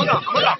まだまだ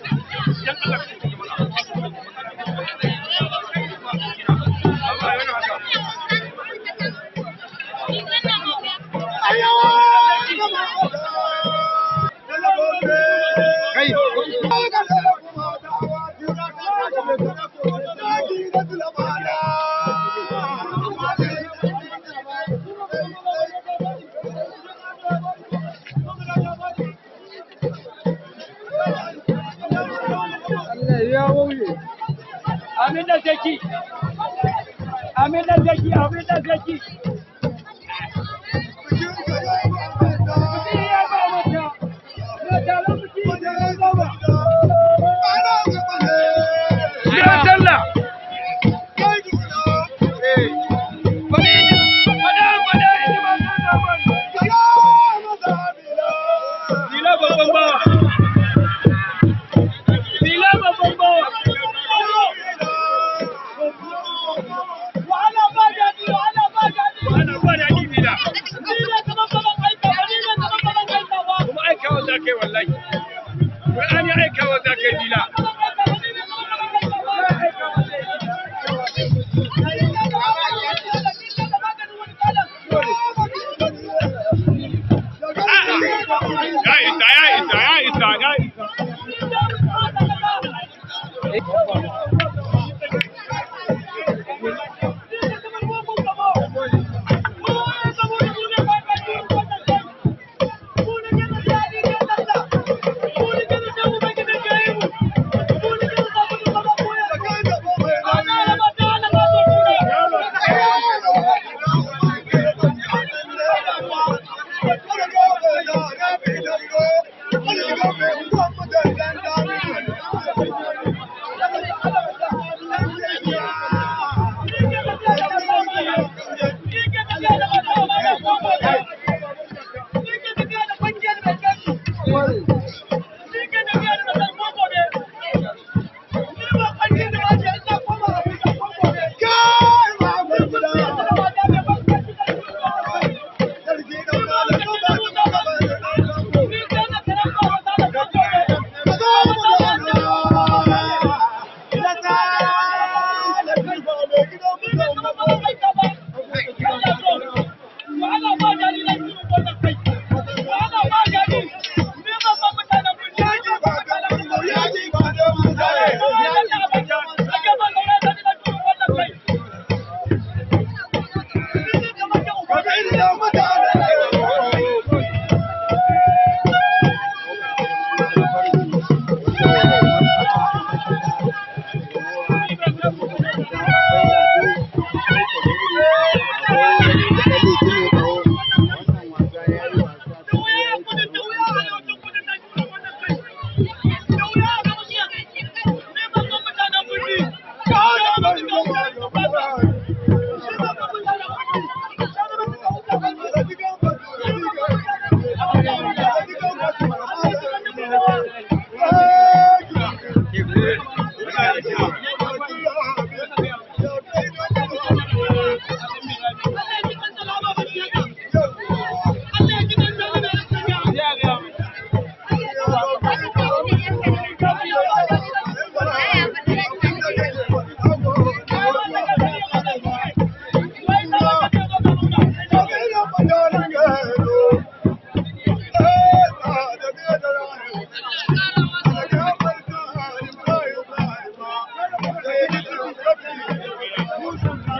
week. nawa ta ka yi